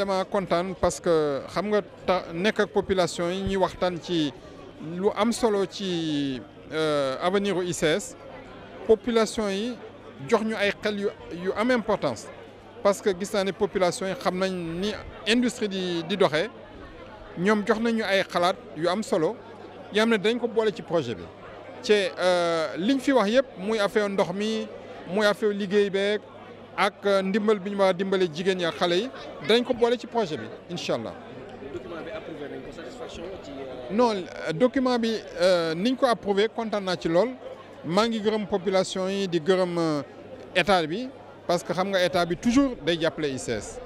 dama kontaan parce que xam nga ta nekk ak population yi ñuy waxtaan ci lu am solo ci euh, avenir u ICS population yi jox ñu ay xel yu am importance parce que gis naa ni population yi xam nañ ni industrie di di doxee ñoom jox nañu ay xalaat yu am solo yoo xam ne dañ ko boole ci projet bi ci euh, liñ fi wax yëpp muy affaire ndox mi muy affaire liggéey beeg. ak euh, ndimbal bi ñu war dimbale jigéen ñi xale yi dañ ko boole ci projet bi incha allah. document bi approuvé euh, non euh, document bi niñ ko approuvé kontaan naa ci lool maa ngi gërëm population yi di gërëm état bi parce que xam nga état bi toujours day jàppale ICS.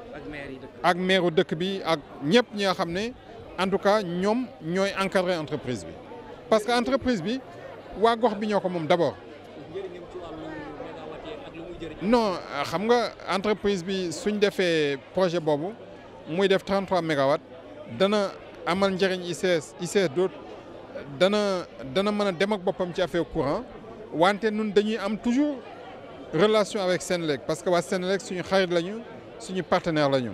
ak maire dëkk bi ak ñëpp ñi nga xam ne en tout cas ñoom ñooy encadrer entreprise bi parce que entreprise bi waa gox bi ñoo ko moom d'abord. lu non xam nga entreprise bi suñ defee projet boobu muy def 33 mégawatts dana amal njëriñ ICS ICS doot dana dana mën a dem ak boppam ci affaire courant wante nun dañuy am toujours relation avec Senelec parce que waa Senelec suñu xarit lañu suñu partenaire lañu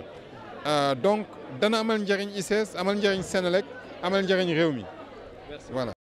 euh, donc dana amal njariñ ICS amal njëriñ Senelec amal njëriñ réew mi voilà